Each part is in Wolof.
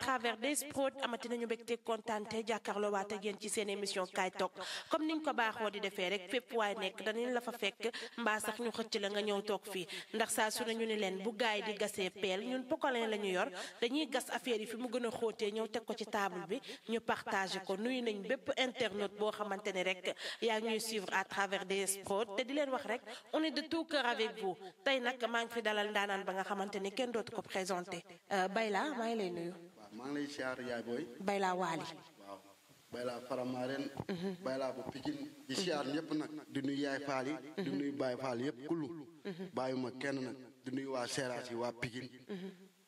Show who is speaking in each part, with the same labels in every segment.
Speaker 1: travers DS Prod amati
Speaker 2: nañu mbégte kontaante jàkkaarloo waat ak ci seen émission kaay toog comme niñ ko baaxoo di defee rek fépp waaye nekk danañ la fa fekk mbaa sax ñu xëcc la nga ñëw toog fii ndax saa su ne ñu ni leen bu gaay di gasee peel ñun pokalin la ñu yor dañuy gas affaire yi fi mu gën a xóotee ñëw teg ko ci table bi ñu partagé ko nuyu nañ bépp internaute boo xamante ne rek yaa ñuy suivre à travers DS Prod te di leen wax rek on est de tout cœur avec vous tey nag maa ngi fi dalal ndaanaan ba nga xamante ni kenn dootu ko présenté euh, Bayla maa ngi lay nuyu.
Speaker 3: waaw maa ngi lay siyaar yaay booy. Bayla Waali. waaw Bayla Faramaren. Bayla bu Pikine. di siyaar ñëpp nag di nuyu yaay faal yi. di nuyu baay faal yëpp kullu. bàyyuma kenn nag di nuyu waa Seeraas waa Pikine.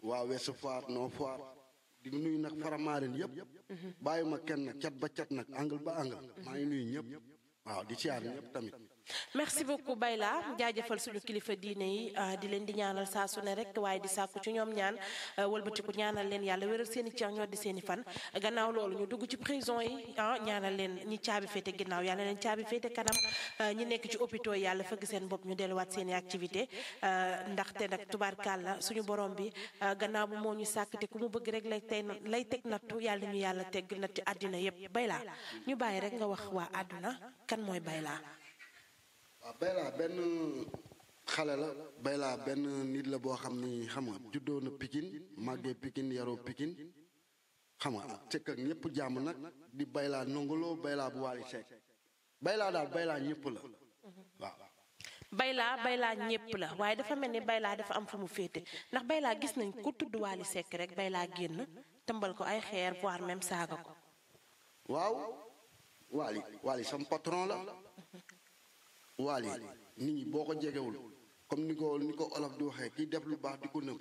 Speaker 3: waa Ouest Foire Nord Foire. di nuyu nag Faramaren yëpp. bàyyuma kenn nag cat ba cat nag angle ba angle. maa ngi nuyu ñëpp. waaw di siyaar ñëpp tamit.
Speaker 2: merci beaucoup Bayla jaajëfal suñu kilifa diine yi ah, di leen di ñaanal saa su ne rek waaye di sàkku ci ñoom ñaan ah, wëlbatiku ñaanal leen yàlla wéral seen i ñoo di seeni fan gannaaw loolu ñu dugg ci prison yi ah, ñaanal leen ñi caabi féete ginnaaw yàlla leen caabi féete kanam ñi nekk ci hôpitaux yi yàlla fëgg seen bopp ñu delluwaat seen i activité ndaxte nag tubaarkàlla suñu borom bi gannaaw bu moo ñu sàkk te ku mu bëgg rek lay tey lay teg nattu yàlla ñu yàlla teg nattu àddina yépp Bayla ñu bàyyi rek nga wax waa àdduna kan mooy Bayla
Speaker 3: waaw benn xale la Bayla benn nit la boo xam ni xam nga juddoo na Pikine màggee Pikine yaroo Pikine xam nga cëkk ak ñëpp jàmm nag di Bayla nongoloo Bayla bu Wally Seck Bayla daal Bayla ñëpp
Speaker 1: la waaw.
Speaker 2: Bayla ñëpp la waaye dafa mel ni Bayla dafa am fu mu féete ndax Bayla gis nañ ku tudd Wally Seck rek Bayla génn tëmbal ko ay xeer voire même saaga ko.
Speaker 3: waaw Wally Wally sam patron la. waali nit ñi boo ko jegewul comme ni ko ni ko olof di waxee kiy def lu baax di ko nëb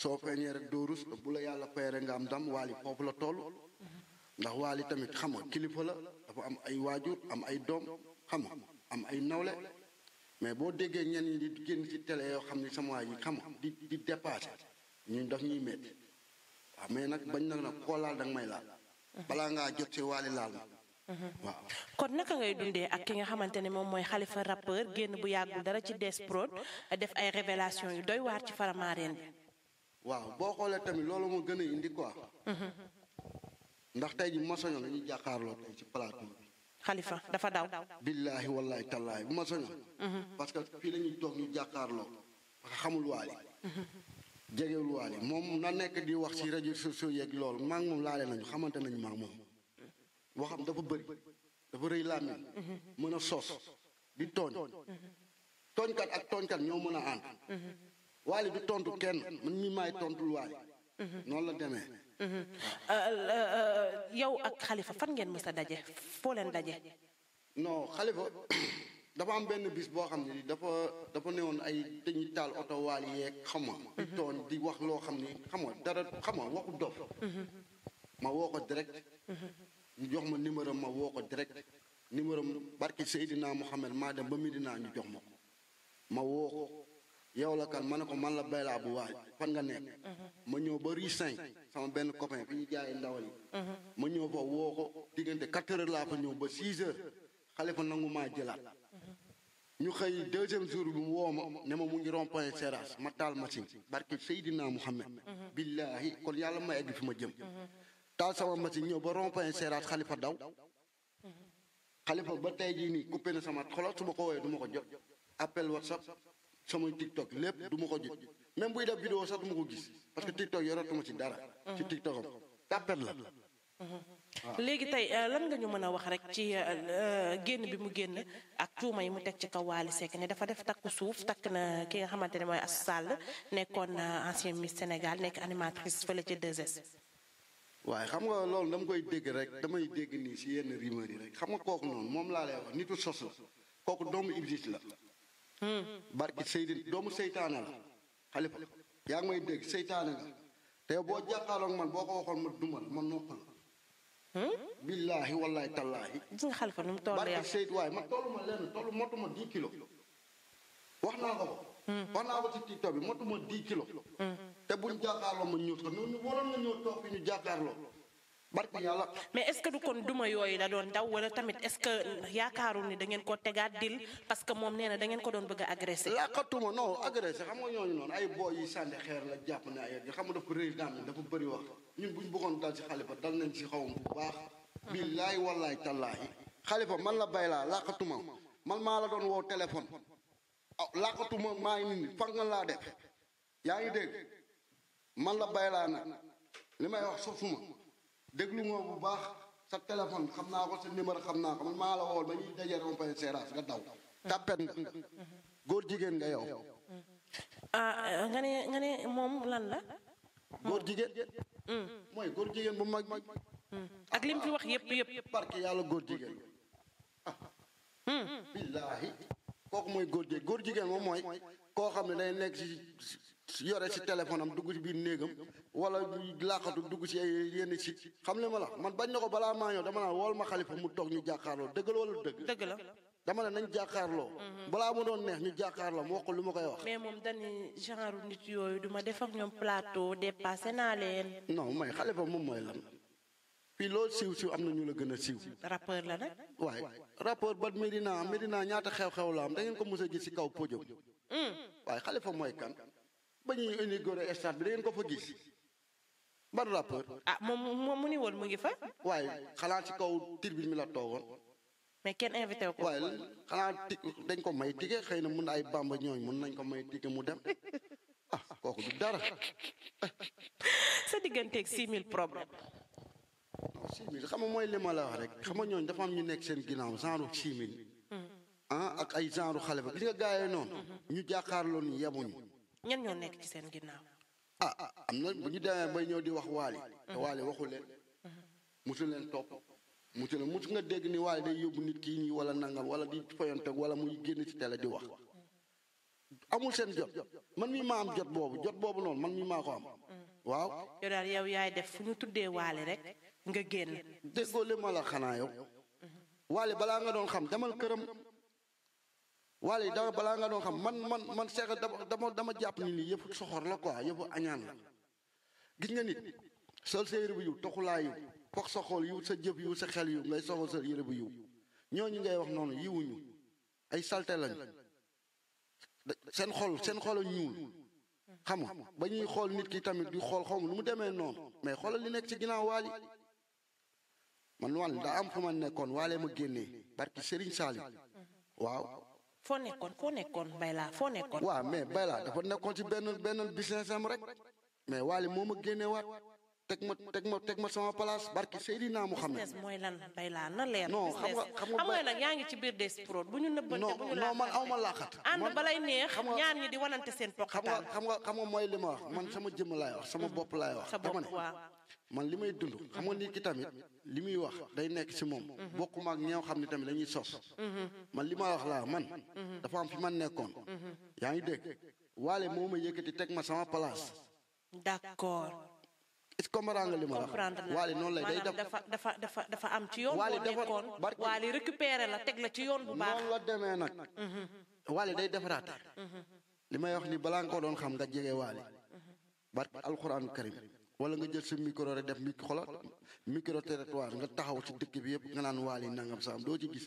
Speaker 3: soo feeñee rek doo rus bu la yàlla fay rek nga am ndam waali foofu la toll ndax waali tamit xam nga kilifa la dafa am ay waajur am ay doom xam am ay nawle mais boo déggee ñenn ñi di génn ci télé yoo xam ni sama waa yi xam nga di di dépassé ñun daf ñuy metti waaw mais nag bañ nag nag koo laal danga may laal balaa ngaa jot si waali laal ma
Speaker 2: waaw kon naka ngay dundee ak ki nga xamante ne moom mooy xalifa rappeur génn bu yàggul dara ci Death Prod def ay révélation yu doy waar ci
Speaker 3: faramaareen bi waaw boo xoolee tamit loolu moo gën a indi quoi ndax tey ji bu ma soñoon dañuy jàkkaarloo tey ci plateau bi xalifa dafa daw billaahi wallaahi tallaahi bu ma soñoon mhm. parce que fii la ñuy toog ñu jàkkaarloo parce que xamul waali jegewul waali moom na nekk di wax ci réseaux sociaux yeeg loolu maa ngi moom laale nañu xamante nañu waxam dafa bëri dafa rëy làmmiñ mën a sos di tooñ tooñkat ak tooñkat ñoo mën a ànd waali du tontu kenn man mi maay tontul waali noonu la demee euh, euh, euh,
Speaker 2: yow ak xalifa fan ngeen mës a daje foo leen daje
Speaker 3: non xalifa dafa am benn bis boo xam ne dafa dafa newoon ay dañuy taal oto waali yeeg xam nga di tooñ di wax loo xam ni xam nga dara xam nga waxu dof ma woo ko direct ñu jox ma numéro ma woo ko direct numéro barki Seydina Mohamed maa dem ba Medina ñu jox ma ko ma woo ko yow la kan ma ne ko man la baylaa bu waaj fan nga nekk ma ñëw ba Rue 5 sama benn copain fi ñu jaayee ndawal yi ma ñëw fa woo ko diggante 4 heures laa fa ñëw ba 6 heures xale fa nangu maa jëlaat ñu xëy deuxième jour bi mu woo ma ne ma mu ngi rond-point ma taal machine barki Seydina Mohamed mhm. billaahi kon yàlla ma egg fi ma jëm taal sama machine ñëw ba rond-point Seeraat xalifa daw xalifa ba tey ji nii coupé na sama xolo su ma ko woowee du ma ko jot appel whatsapp sama tiktok lépp du ma ko jot même buy def vidéo sax du ma ko gis parce que tiktok yoratuma ci dara ci tiktokam appel la
Speaker 2: léegi tey euh, lan nga ñu mën a wax rek ci euh, euh, génn bi mu génn ak tuuma yi mu teg ci kaw Waly Seck ne dafa def takku suuf takk na ki nga xamante ne mooy Astou Sall nekkoon ancien Miss Sénégal nekk animatrice fële ci 2S
Speaker 3: waaye xam nga loolu dama koy dégg rek damay dégg nii si yenn rumeur yi rek xam nga kooku noonu moom laa lay wax nitu sos la kooku doomu iblis la hmm. barki seydi doomu seytaane la xalifa yaa ngi may dégg seytaane la te boo jàkkaarloog man boo ko waxoon ma dumal ma nopp la hmm? billaahi wallaahi tallaahi gis nga xalifa nu mu waaye ma tollu ma lenn tollu motuma 10 kilos wax naa ko on a aussi TikTok bi motuma 10 kilos. Mm-hmm. te buñ jàkkaarloo ma ñëw ko noonu waroon na ñëw toog fi ñu jàkkaarloo. barki
Speaker 2: yàlla mais est du kon duma yooyu la doon daw wala tamit est-ce ni da ngeen ko tegaat dil parce que moom nee na da ngeen ko doon bëgg a agressé.
Speaker 3: làqatuma non agressé xam nga ñooñu noonu ay booy yi sànni xeer la jàpp ne ay xam nga dafa rëy daan dafa bëri wax ñun bu ñu bëggoon dal si xalifa dal nañ si xawam bu baax. Mm-hmm. billaahi wallaahi tallaahi xalifa man la bay laa làqatuma man maa la doon woo téléphone. ah làkkatuma maa ngi nii fan nga laa def yaa ngi dégg man la bay laa nag li may wax sofuma déglu nga bu baax sa téléphone xam naa ko sa numéro xam naa ko man maa la wool ba ñuy dajee rompañ seeraas nga daw tàppet nga góor jigéen nga yow ah, ah, nga ne nga ne moom lan la góor jigéen hmm. mooy góor jigéen bu mag mag hmm. ak lim fi wax yëpp yëpp barke yàlla góor jigéen hmm. billaahi kooku mooy góor jigéen góor jigéen moom mooy koo xam ne day nekk si yore si téléphone am dugg si biir néegam wala laaxatu dugg si yenn si xam le ma la man bañ na ko balaa maa ñëw dama naan wool ma xalifa mu toog ñu jàkkaarloo dëgg la wala dëgg. dëgg la dama ne nañ jàkkaarloo. balaa mu doon neex ñu jàkkaarloo mu wax ko lu ma koy wax.
Speaker 2: mais moom dañuy genre nit yooyu duma def ak ñoom plateau dépassé naa leen.
Speaker 3: non mooy xalifa moom mooy lan fii loolu siiw siiw am na ñu la gën a siiw. rappeur waaye. rapport ba Medina Medina ñaata xew-xew la am da ngeen ko mos a gis si kaw podium. Hmm. waaye Khalifa mooy kan. ba ñuy inauguré stade bi da ngeen ko fa gis. ban rapport. ah moom moom mu ni woon mu ngi fa. waaye xanaa ci kaw tribune mi la toogoon. mais kenn invité ko. waaye xanaa ti dañ ko may tige xëy na mun na ay bamba ñooñ mun nañ ko may tige mu dem ah kooku du dara. sa digganteeg 6000 problème. chimie xam nga mooy li la wax rek xam nga ñooñu dafa am ñu nekk seen ginnaaw genre chimie ah ak ay genre xale ba gis nga gars noonu. ñu jàkkaarloo ni yemuñu.
Speaker 2: ñan ñoo nekk ci seen
Speaker 1: ginnaaw.
Speaker 3: a ah, ah, am na bu ñu demee bay ñëw di wax waali. te mhm. waali waxu mu musu leen topp mu leen musu nga dégg ni waali day yóbbu nit kii nii wala nangam wala di foyantoog wala muy génn ci télé di wax. amul seen jot man mi maa am jot boobu jot boobu noonu man mi maa ko am. Mhm. waaw. yow daal yow yaay def fu ñu tuddee waali rek. nga génn. déggoo li xanaa yow. waale balaa nga doon xam demal këram. waale dama balaa nga doon xam man man man seex dama dama jàpp ni lii yëpp soxor la quoi yëpp añaan la. gis nga nit sol sa yére bu yiw toxulaa yiw foog sa xol yiw sa jëf sa xel yiw ngay soxol sa yére bu yiw ñooñu ngay wax noonu yiwuñu ay salte lañ seen xol seen xol ñuul xam ba ñuy xool nit ki tamit di xool xaw ma nu mu demee noonu mais xoolal li nekk ci ginnaaw waali man wàll daa am fa ma nekkoon waalee ma génnee barki Serigne Saali waaw.
Speaker 2: foo nekkoon foo nekkoon Bayla foo nekkoon. waaw mais Bayla
Speaker 3: dafa nekkoon ci benn benn business am rek mais waale moo ma génnee waat teg ma teg ma teg ma sama place barki Seydina Muhammad. business
Speaker 2: mooy lan Bayla na leer. non xam nga xam nga bay nag yaa ngi ci biir des pro bu ñu nëbbante bu ñu laaxat ma laaxat. ànd
Speaker 3: balay neex ñaar ñi di wanante seen xam nga xam nga xam mooy li ma wax man sama jëmm laay wax sama bopp laay wax. sa bopp waaw man li may dund xam nga nit ki tamit li muy wax day nekk si moom bokkuma ak ñoo xam ne tamit dañuy sos man li ma wax laa man dafa am fi man nekkoon yaa ngi dégg waale moo ma yëkkati teg ma sama place d'accord est-ce que comprendre nga li ma wax waale noonu lay day def dafa
Speaker 2: dafa dafa dafa am ci yoon waale dafa barki waale récupéré la teg la ci yoon bu baax noonu la demee nag
Speaker 3: waale day defaraate li ni balaa nga ko doon xam nga jege waale barki alxuraan karim wala nga jël si micro rek def micro xoolal nga taxaw ci dëkk bi yëpp nga naan waali nangam saam doo ci gis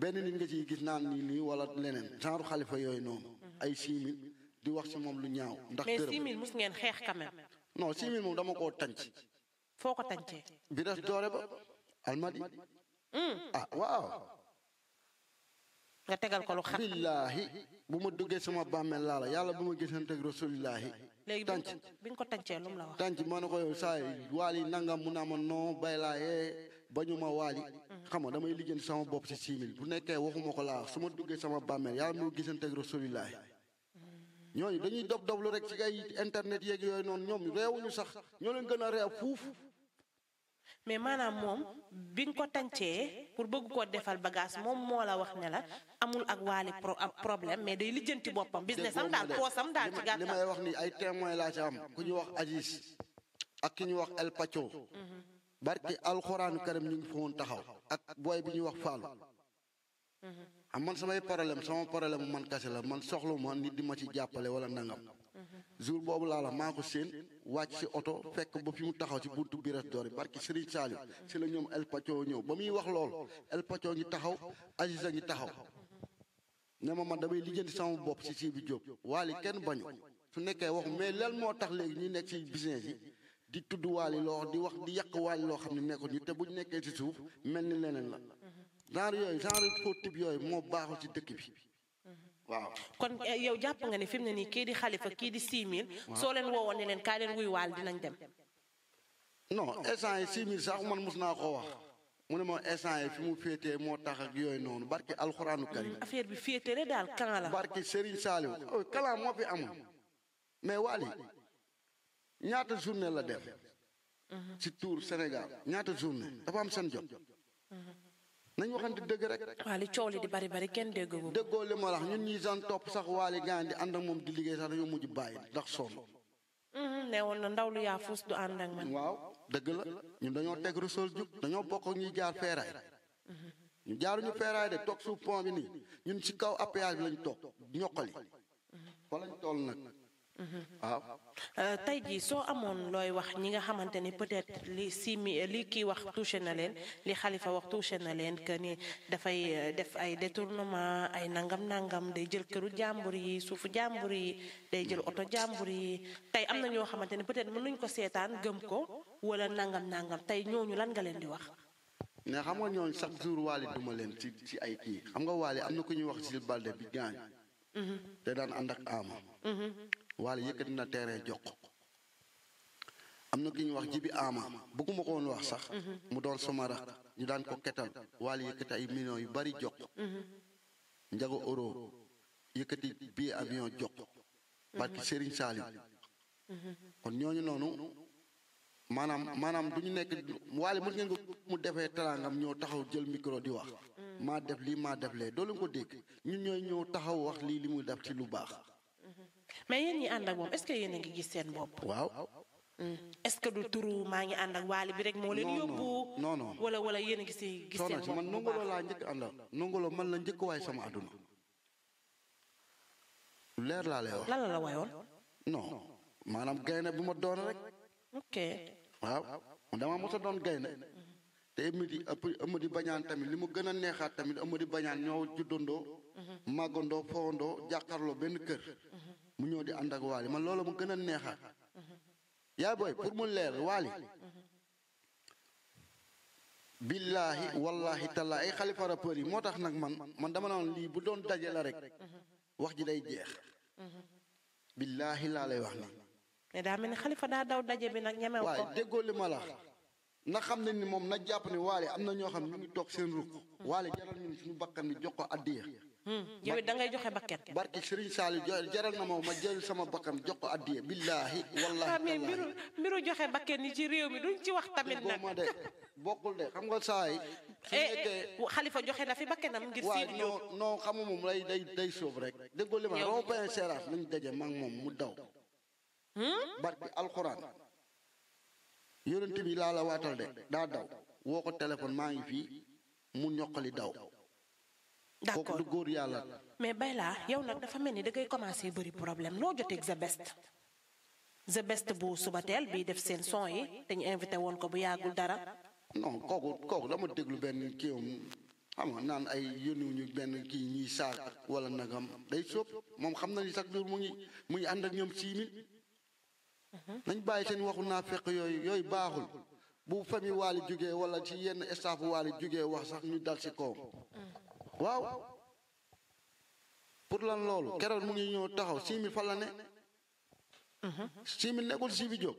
Speaker 3: benn nit nga ci gis naan ni nii wala leneen genre xalifa yooyu noonu ay simil di wax ci moom lu ñaaw ndax dërëm mais simil
Speaker 2: ngeen xeex quand même
Speaker 3: non simil moom dama koo tànc foo ko tàncee bi des doore ba almadi hmm. ah waaw nga tegal billaahi bu ma duggee sama bàmmeel laa la yàlla bu ma gis gisanteeg rasulillahi
Speaker 2: léegi tànc bi nga ko tàncee lu mu la wax.
Speaker 3: tànc ma ne ko yow saa yi waali nangam mu naa ma non bay laa yee bañu ma waali. Mm-hmm. xam nga damay liggéeyal sama bopp si simil bu nekkee waxuma ko laa su ma duggee sama bàmmeel yàlla mu gisanteeg rasulillah. Mm-hmm. ñooñu dañuy dob doblu rek ci ay internet yeeg yooyu noonu ñoom réewuñu sax ñoo leen gën a réew fuuf. mais maanaam
Speaker 2: moom bi nga ko tancee pour bëgg koo defal bagaas moom moo la wax ne la amul ak waali pro problème mais day lijjanti boppam business am daal poosam daal ci gàttal li may wax ni ay
Speaker 3: témoin laa ci am ku ñu wax Aziz ak ki ñu wax El Pacho mhm. barki alxuraanu karim ñu ngi fa woon taxaw ak booy bi ñuy wax Fallou mhm. am man samay problème sama problème man kese la man soxlu ma nit di ma ci jàppale wala nangam jour boobu laa la maa ko seen wàcc si oto fekk ba fi mu taxaw si buntu biras doori barki Serigne Saliou si la ñoom El ñëw ba muy wax lool El Pacho ngi taxaw Aziza ngi taxaw ne ma man damay lijjanti sama bopp si si bi Diop waali kenn bañu su nekkee wax mais lan moo tax léegi ñuy nekk si business yi di tudd waali loo di wax di yàq waali loo xam ne nekkul ñu te bu nekkee ci suuf mel ni leneen la genre yooyu genre faux type yooyu moo baaxul si dëkk bi waaw
Speaker 2: kon eh, yow jàpp nga ne fi mu ne nii kii di xalifa kii di 6000. waaw soo leen woowoon ne leen kaa leen wuy waal dinañ dem.
Speaker 3: non instant yi 6000 man mos naa wax. mu ne ma instant fi mu féetee moo tax ak yooyu noonu barki alxuraanu karim. affaire bi féetee daal kan la. barki Serigne Saliou. oh kalam moo fi amul. mais Wally ñaata journée la def. ci mhm. tour Sénégal ñaata journée dafa am seen jot. Mhm. nañ waxante dëgg rek. waaw li coow li di bari bari kenn déggu ko. déggoo li ma wax ñun ñi daan topp sax waali gaan di ànd ak moom di liggéey sax dañoo mujj bàyyi ndax sonn. Mhm, ne woon na ndaw lu yaa fuus du ànd ak man. waaw dëgg la ñun dañoo teg resool jub dañoo bokk ñuy jaar feeraay. ñu jaaruñu feeraay de toog suuf pont nii ñun ci kaw appuyage bi lañ toog ñoqali. fa lañ toll nag. waaw
Speaker 2: euh, tey jii soo amoon looy wax ñi nga xamante ni peut-être li si mi li kii wax touché na leen li xalifa wax touché na leen que ni dafay euh, def ay détournement ay nangam nangam day jël këru jàmbur yi suufu jàmbur yi day jël oto jàmbur yi tey am na ñoo xamante ni peut-être mënuñ ko seetaan gëm ko wala nangam nangam tey ñooñu lan nga leen di
Speaker 3: wax. ne xam nga ñooñu chaque jour waali duma leen ci ci ay kii xam nga waali am na ku ñuy wax ci Balde bi gaañ. Mhm. te daan ànd ak ama mhm. waale yëkkati na terrain jox am na ki ñu wax jibi ama bëgguma ko wax sax mu doon sama
Speaker 1: ñu daan ko ketal waale yëkkati ay millions yu bari jox
Speaker 3: njago euro yëkkati bii avion jox barki Serigne Salim kon ñooñu noonu maanaam maanaam du ñu nekk waale mën ngeen mu defee taraangam ñoo taxaw jël micro di wax maa def lii maa def lee doo leen ko dégg ñun ñooy ñoo taxaw wax lii li muy def ci lu baax mais yéen ñi ànd ak moom est-ce a ngi gis seen
Speaker 2: bopp. waaw. Mm. est-ce que du turu maa ngi ànd ak waali bi rek moo leen yóbbu. non non wala ngi si gis seen bopp man nongolo
Speaker 3: laa la njëkk waay sama àdduna. leer laa lay wax. lan la la wayoon. non maanaam gaynde bu ma doon rek.
Speaker 1: ok waaw dama mos a doon gaynde
Speaker 3: te Amady Amady Bañaan tamit li mu gën a neexaat tamit Amady Bañaan ñoo juddandoo. Mhm. màggandoo fowandoo jàkkaarloo benn kër. mu ñëw di ànd ak waali man loolu mu gën a neexaat yaay booy pour mu leer waali billaahi wallaahi tallaa ay xalifa rappeur yi moo tax nag man man dama naan lii bu doon daje la rek wax ji day jeex billaahi laa lay wax nii mais daa mel ni xalifa daa daw daje bi nag ñemew ko waaye déggoo li ma la na xam ne ni moom na jàpp ne waale am na ñoo xam ne ñu ngi toog seen rukk waale jaral ñu suñu bakkan bi jox ko addiya
Speaker 1: Hmm.
Speaker 2: Hmm.
Speaker 3: yow it da joxe bakket. barki Serigne Saliou jaral na ma ma jël sama bakkan jox ko addiye billaahi wallaahi. Ah, mais ci réew mi wax tamit nag. bokkul de xam nga saa eh,
Speaker 2: eh, xalifa joxe na fi bakkenam ngir. Sidy Diop
Speaker 3: waaw non rek. déggoo li ma ma mu daw. Hmm? barki alxuraan. yonent bi laa la waatal de daa daw woo ko téléphone maa ngi fii mu ñoqali daw. d'accord kooku du góor yàlla.
Speaker 2: mais Bayla yow nag dafa mel ni da ngay commencé bëri problème loo joteeg The Best. The Best bu Subatel bi def seen son yi te ñu invité woon ko bu yàggul dara.
Speaker 3: non kooku kooku dama déglu benn kii am xam nga naan ay yónniwuñu benn kii ñuy wala nagam day sóob moom xam na ni sax jour mu ngi mu ànd ak ñoom siimil. nañ bàyyi seen waxu naa fekk yooyu yooyu baaxul. bu famille waali jugee wala ci yenn staff waali jugee wax sax ñu dal si kawam. waaw pour lan loolu keroog mu ngi ñëw taxaw siimi fan la ne siimi nekkul siimi jóg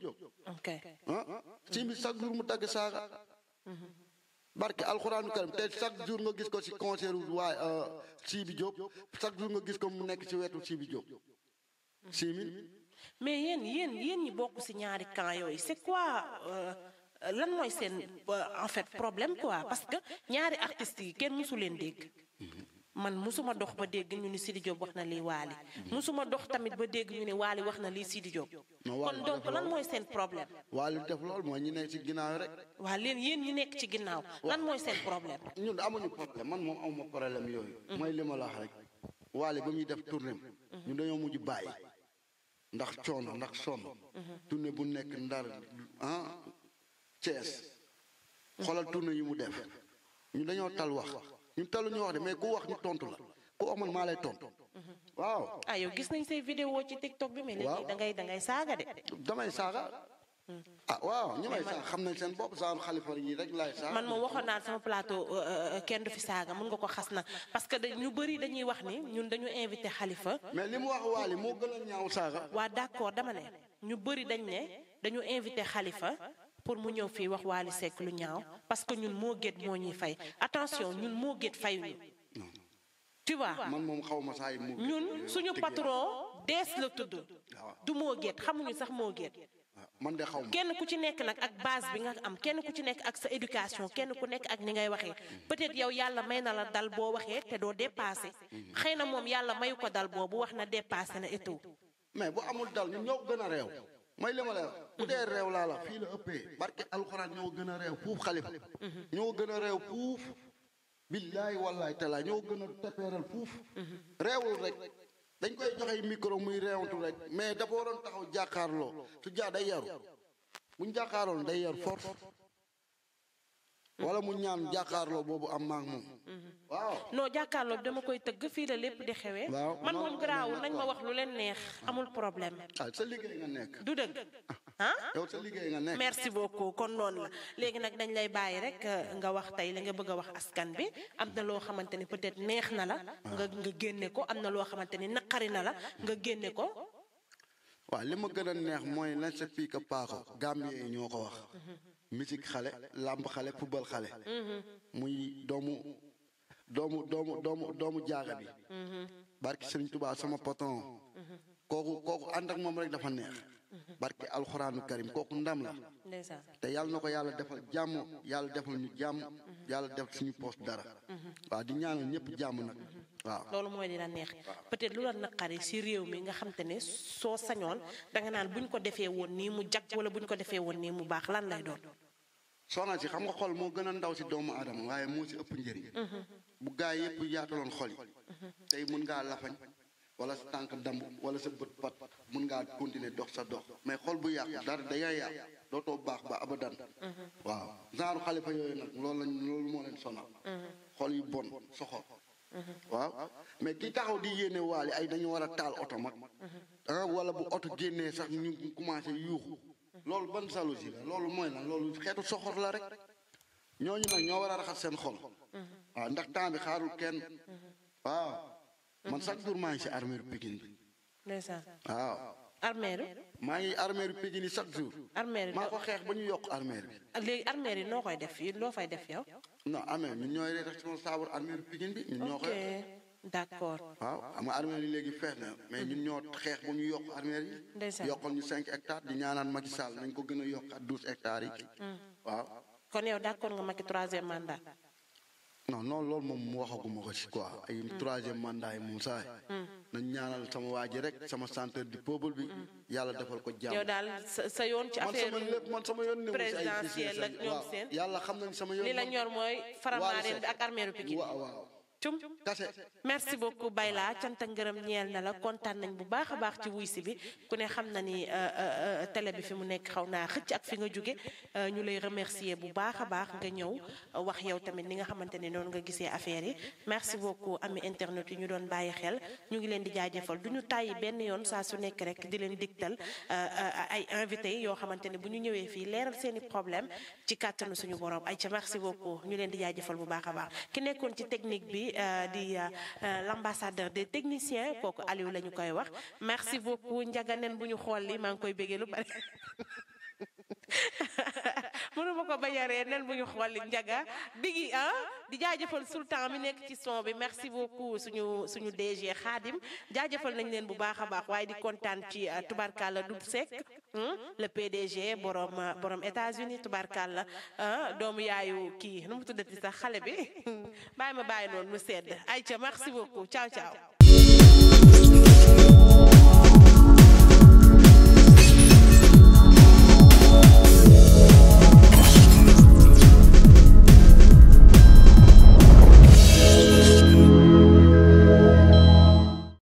Speaker 3: ah siimi chaque jour mu tagg saaga barke alxuraanu karim te chaque jour nga gis ko ci concert waay euh, Sibi Diop chaque jour nga gis ko mu nekk ci wetu Sibi Diop simin
Speaker 2: mais yéen yéen yéen ñi bokk ci ñaari camp yooyu c'est quoi euh, lan mooy seen euh, en fait problème quoi parce que ñaari artistes yi kenn mësu leen dégg man musuma dox ba dégg ñu ni Sidi Diop wax na lii Waali musuma dox tamit ba dégg ñu ni Waali wax na lii Sidi Diop
Speaker 3: kon donc lan mooy seen problème Waali def loolu mooy ñi nekk ci ginnaaw rek
Speaker 2: waaw leen ñi nekk ci ginnaaw
Speaker 3: lan mooy seen problème ñun man moom amuma problème yooyu mm-hmm. mooy li ma la wax rek Waali ba muy def tournée mm-hmm. ñun dañoo mujj bàyyi ndax coono ndax sonn mm-hmm. tournée bu nekk ndar ah Thiès xoolal yi mu def ñu dañoo tal wax ñu talu ñu wax de mais ku wax ñu tontu la ku wax man maa lay tontu. waaw.
Speaker 2: ah yow gis nañ say vidéo ci TikTok bi. mais léegi ngay da ngay saaga de. damay saaga.
Speaker 3: ah waaw ñi may saaga xam nañ seen bopp saaru xalifa yi rek laay saaga. man moom
Speaker 2: waxoon naa sama plateau euh, euh, kenn du fi saaga mën nga ko xas nag parce que ñu bëri dañuy wax ni ñun dañu invité xalifa.
Speaker 3: mais li mu wax Waly moo gën a ñaaw saaga.
Speaker 2: waa d'accord dama ne ñu bëri dañ ne dañu invité xalifa. pour mu ñëw fii wax Wally Seck lu ñaaw parce que ñun moo gét moo ñuy fay attention ñun moo gét fayuñu tu vois man
Speaker 3: moom xaw ma saa yi ñun suñu patron
Speaker 2: dees la tudd ah, du moo gét xamuñu sax moo gét ah, man de xaw ma kenn ku ci nekk nag ak base bi nga am kenn ku ci nekk ak sa éducation kenn ku nekk ak ni ngay waxee peut-être yow yàlla may na la dal boo waxee te doo dépassé mhm. xëy na moom yàlla mayu ko dal boobu wax na dépassé na et tout
Speaker 3: mais bu amul dal ñun ñoo gën a réew mooy li la wax bu dee réew laa la fii la ëppee barke alxuraan ñoo gën a réew fuuf xalifa ñoo gën a réew fuuf billaay wallaay talaa ñoo gën a tepeeral fuuf réewul rek dañ koy joxe micro muy réewantu rek mais dafa waroon taxaw jàkkaarloo su jaa day yaru buñ jàkkaaroon day yar force wala mu ñaam jàkkaarloo boobu am maak moom.
Speaker 2: Mhm. waaw non jàkkaarloo bi dama koy tëgg fii la lépp di xewee. waaw man moom garaawul nañ ma wax lu leen neex amul problème. ah sa liggéey nga du dëgg ah. ah.
Speaker 3: yow sa liggéey merci
Speaker 2: beaucoup kon noonu la léegi nag dañ lay bàyyi rek euh, nga wax tey li nga bëgg a wax askan bi am na loo xamante ni peut-être neex na la. nga nga génne ko am na loo xamante ni naqari na la nga génne ko.
Speaker 3: waaw li ma gën a neex mooy na sa fii ka paako Gambie ñoo ko wax. Mhm. musique xale làmb xale football xale mm-hmm. muy doomu doomu doomu doomu doomu jaaga bi mm-hmm. barki sëriñ tubaa sama poton mm-hmm. kooku kooku ànd ak moom rek dafa neex barki alxuraanu karim kooku ndam la te yàlla na ko yàlla defal jàmm yàlla defal ñu jàmm yàlla def suñu poste dara waaw di ñaanal ñëpp jàmm nag waaw
Speaker 2: loolu mooy li la neex peut-être lu la naqari ci réew mi nga xam te ne soo sañoon danga naan bu ñu ko defee woon nii mu jag wala bu ñu ko defee woon nii mu baax lan lay doon
Speaker 3: soxna si xam nga xol moo gën a ndaw si doomu aadama waaye moo si ëpp njëriñ bu gaa yëpp yaataloon xol yi tey mun ngaa lafañ wala sa tànk damb wala sa bët pat mun ngaa continuer dox sa dox mais xol bu da ngay yàq dootoo baax ba abadan waaw genre xalifa yooyu nag loolu lañ loolu moo leen sonal xol yu bon soxor waaw mais ki taxaw di yéene waali ay dañu war a taal oto mag wala bu oto génnee sax ñu commencé yuuxu loolu ban jalousie la loolu mooy lan loolu xeetu soxor la rek ñooñu nag ñoo war a raxas seen xol. waaw ndax temps bi xaarul kenn. waaw man chaque jour maa ngi si armée ru Pikine bi. ndeysaan waaw. armée ru. maa ngi armée ru Pikine yi chaque jour. maa ko xeex ba ñu yokk armée bi.
Speaker 2: Ah, léegi armée yi noo koy def fii loo fay
Speaker 3: def yow. non amee ñun ñooy responsable armée ru Pikine bi ñun ñoo koy. d'accord waaw xam nga armée yi léegi fees na mais ñun ñoo xeex bu ñu yokk armée yi. yokkal ñu cinq hectares di ñaanaan Macky Sall nañ ko gën a yokk ak douze hectares yi. Mm. waaw. kon yow d'accord nga Macky troisième mandat. non non loolu moom waxaguma ko ci quoi ay mm. troisième mandat yi moom saay mm. nañ ñaanal sama waa ji rek sama centre du peuple bi yàlla defal ko jàmm yow
Speaker 2: daal sa yoon ci affaire man sama lépp man sama yoon présidentielle ak ñoom seen yàlla xam nañ sama yoon li bi ak armée ru Pikine waaw cum merci beaucoup Bayla cant ak ngërëm ñeel na la kontaan nañ bu baax a baax ci wuy si bi ku ne xam na ni euh, euh, euh, tele bi fi mu nekk xaw naa xëcc ak fi nga jóge ñu lay remercier bu baax a baax nga ñëw wax yow tamit ni nga xamante ne noonu nga gisee affaire yi merci beaucoup ami internet yi ñu doon bàyyi xel ñu ngi leen di jaajëfal du ñu tàyyi benn yoon saa su nekk rek di leen digtal ay invité yoo xamante ne bu ñu ñëwee fii leeral seeni problème ci kàttanu suñu borom ay ca merci ñu leen di jaajëfal bu baax a baax Euh, di euh, euh, l'ambassadeur de techniciens kooku Aliou la ñu koy wax merci beaucoup njaganeen bu ñu xool li maa ngi koy bégee lu bari mënu ma ko ba a ree nen bu ñu xool njaga bigi ah di jaajëfal sultan mi nekk ci son bi merci beaucoup suñu suñu DG Khadim jaajëfal nañ leen bu baax a baax waaye di kontaan ci ah, tubarkalla Doudou Seck hmm, le PDG borom ah, borom États-Unis la ah, doomu yaayu kii nu mu tuddati sax xale bi bàyyi ma bàyyi noonu mu sedd ayca merci beaucoup ciao ciao